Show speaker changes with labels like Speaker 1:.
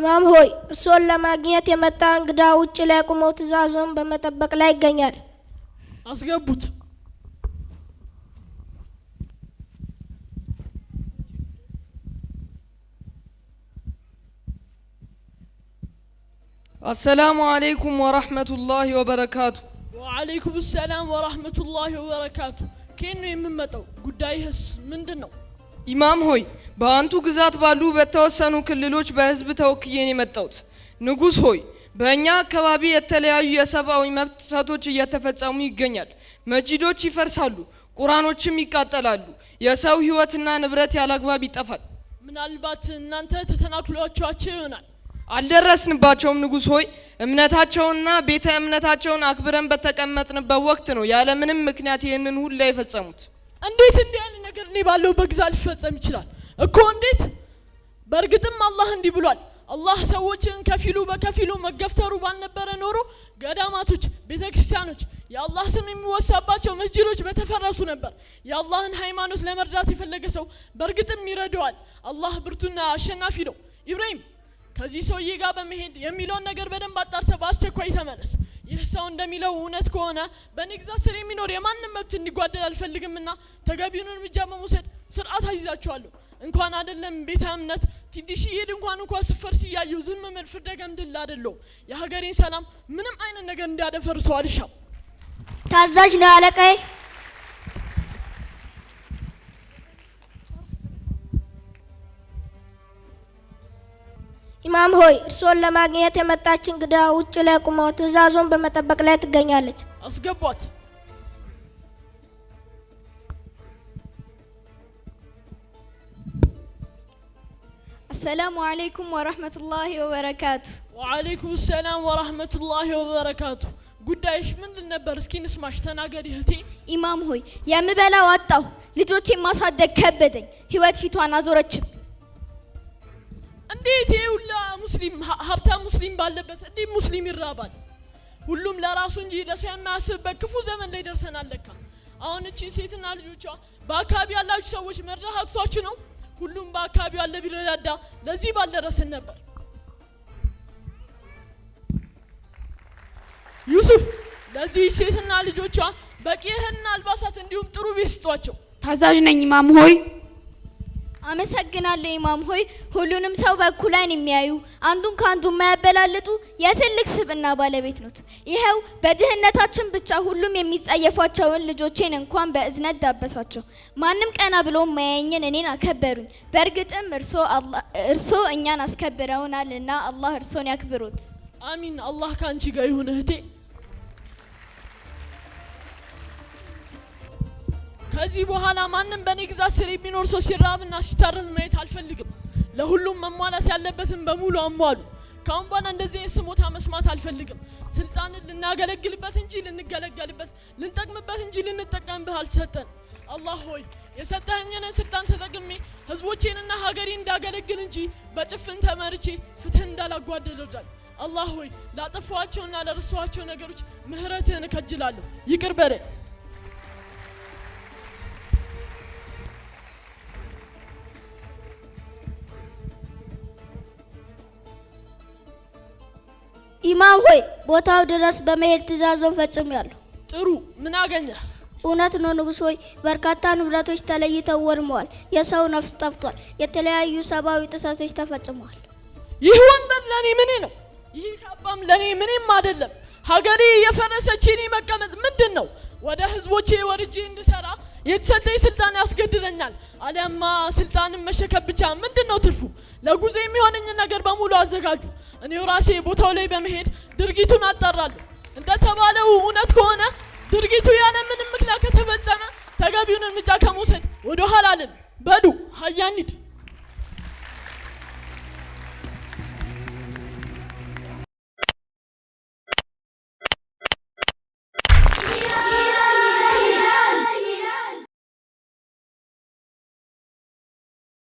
Speaker 1: ኢማም ሆይ እርስዎን ለማግኘት የመጣ እንግዳ ውጭ ላይ ቆሞ ትዕዛዞን በመጠበቅ ላይ ይገኛል።
Speaker 2: አስገቡት።
Speaker 3: አሰላሙ አለይኩም ወራህመቱላሂ ወበረካቱ።
Speaker 4: ወአለይኩም ሰላም ወራህመቱላሂ ወበረካቱ። ከየት ነው የምመጣው? ጉዳይህስ ምንድን ነው?
Speaker 3: ኢማም ሆይ በአንቱ ግዛት ባሉ በተወሰኑ ክልሎች በህዝብ ተወክዬን የመጣሁት። ንጉሥ ሆይ በእኛ አካባቢ የተለያዩ የሰብአዊ መብት ጥሰቶች እየተፈጸሙ ይገኛል። መጂዶች ይፈርሳሉ፣ ቁራኖችም ይቃጠላሉ፣ የሰው ህይወትና ንብረት ያላግባብ ይጠፋል።
Speaker 4: ምናልባት እናንተ ተተናክሏቸው ይሆናል።
Speaker 3: አልደረስንባቸውም ንጉሥ ሆይ። እምነታቸውንና ቤተ እምነታቸውን አክብረን በተቀመጥንበት ወቅት ነው ያለምንም ምክንያት ይህንን ሁላ የፈጸሙት።
Speaker 4: እንዴት እንዲህ አይነት ነገር እኔ ባለው በግዛ ሊፈጸም ይችላል? እኮ እንዴት! በእርግጥም አላህ እንዲህ ብሏል። አላህ ሰዎችን ከፊሉ በከፊሉ መገፍተሩ ባልነበረ ኖሮ ገዳማቶች፣ ቤተ ክርስቲያኖች፣ የአላህ ስም የሚወሳባቸው መስጂዶች በተፈረሱ ነበር። የአላህን ሃይማኖት ለመርዳት የፈለገ ሰው በእርግጥም ይረደዋል። አላህ ብርቱና አሸናፊ ነው። ኢብራሂም ከዚህ ሰውዬ ጋር በመሄድ የሚለውን ነገር በደንብ አጣርተ በአስቸኳይ ተመለስ። ይህ ሰው እንደሚለው እውነት ከሆነ በእኔ ግዛት ስር የሚኖር የማንም መብት እንዲጓደል አልፈልግምና ተገቢውን እርምጃ በመውሰድ ስርዓት አይዛችኋለሁ። እንኳን አይደለም ቤተ እምነት ይሄድ እንኳን እንኳን ስፈር ሲያዩ ዝም ምን ፍደገም ድል አይደለም የሀገሬን ሰላም ምንም አይነት ነገር እንዳደፈርሰው አልሻም።
Speaker 1: ታዛዥ ነው አለቃዬ። ኢማም ሆይ እርስዎን ለማግኘት የመጣች እንግዳ ውጭ ላይ ቁመው ትዕዛዙን በመጠበቅ ላይ ትገኛለች።
Speaker 2: አስገቧት።
Speaker 5: አሰላሙ አለይኩም ወረህመቱላሂ ወበረካቱ።
Speaker 4: ወአለይኩም ሰላም ወረህመቱላሂ ወበረካቱ። ጉዳይሽ ምንድን ነበር? እስኪ ንስማሽ ተናገሪ እህቴ።
Speaker 1: ኢማም ሆይ የምበላው አጣሁ፣ ልጆቼን ማሳደግ ከበደኝ፣ ህይወት ፊቷን አዞረችም።
Speaker 4: እንዴት ይሄ ሁላ ሙስሊም ሀብታም ሙስሊም ባለበት እንዴት ሙስሊም ይራባል? ሁሉም ለራሱ እንጂ ለሰው የማያስብበት ክፉ ዘመን ላይ ደርሰናል። ለካ አሁን እቺ ሴትና ልጆቿ በአካባቢ ያላችሁ ሰዎች መርዳት አቅቷችሁ ነው ሁሉም በአካባቢው ያለ ቢረዳዳ ለዚህ ባልደረስን ነበር። ዩሱፍ ለዚህ ሴትና ልጆቿ በቂ እህልና አልባሳት እንዲሁም ጥሩ ቤት ስጧቸው።
Speaker 1: ታዛዥ ነኝ ማም ሆይ።
Speaker 6: አመሰግናለሁ ኢማም ሆይ ሁሉንም ሰው በእኩል የሚያዩ አንዱን ከአንዱ የማያበላልጡ የትልቅ ስብና ባለቤት ኖት። ይኸው በድህነታችን ብቻ ሁሉም የሚጸየፏቸውን ልጆቼን እንኳን በእዝነት ዳበሳቸው። ማንም ቀና ብሎ ማያየኝን እኔን አከበሩኝ። በእርግጥም እርሶ እኛን አስከብረውናልና አላህ እርሶን ያክብሮት።
Speaker 2: አሚን። አላህ ከአንቺ ጋር ይሁን እህቴ።
Speaker 4: ከዚህ በኋላ ማንም በእኔ ግዛት ስር የሚኖር ሰው ሲራብና ሲታረዝ ማየት አልፈልግም። ለሁሉም መሟላት ያለበትን በሙሉ አሟሉ። ከአሁን በኋላ እንደዚህ ስሞታ መስማት አልፈልግም። ስልጣንን ልናገለግልበት እንጂ ልንገለገልበት፣ ልንጠቅምበት እንጂ ልንጠቀምበት አልሰጠን። አላህ ሆይ የሰጠኸኝን ስልጣን ተጠቅሜ ህዝቦቼንና ሀገሬን እንዳገለግል እንጂ በጭፍን ተመርቼ ፍትህ እንዳላጓደል እርዳኝ። አላህ ሆይ ላጠፏቸውና ለረሳኋቸው ነገሮች ምህረትህን እከጅላለሁ። ይቅር በለኝ።
Speaker 1: ኢማም ሆይ ቦታው ድረስ በመሄድ ትእዛዞን ፈጽሜያለሁ።
Speaker 2: ጥሩ ምን አገኘ?
Speaker 1: እውነት ነው ንጉሥ ሆይ፣ በርካታ ንብረቶች ተለይተው ወድመዋል። የሰው ነፍስ ጠፍቷል። የተለያዩ ሰብአዊ ጥሰቶች ተፈጽመዋል።
Speaker 4: ይህ ወንበር ለእኔ ምኔ ነው? ይህ ካባም ለእኔ ምንም አይደለም። ሀገሬ የፈረሰች እኔ መቀመጥ ምንድን ነው? ወደ ህዝቦቼ ወርጄ እንድሰራ የተሰጠኝ ስልጣን ያስገድደኛል። አሊያማ ስልጣንን መሸከም ብቻ ምንድን ነው ትርፉ? ለጉዞ የሚሆነኝን ነገር በሙሉ አዘጋጁ። እኔው ራሴ ቦታው ላይ በመሄድ ድርጊቱን አጣራለሁ። እንደተባለው እውነት ከሆነ ድርጊቱ ያለ ምንም ምክንያት ከተፈጸመ ተገቢውን እርምጃ ከመውሰድ ወደ ኋላ አለን። በሉ ሀያ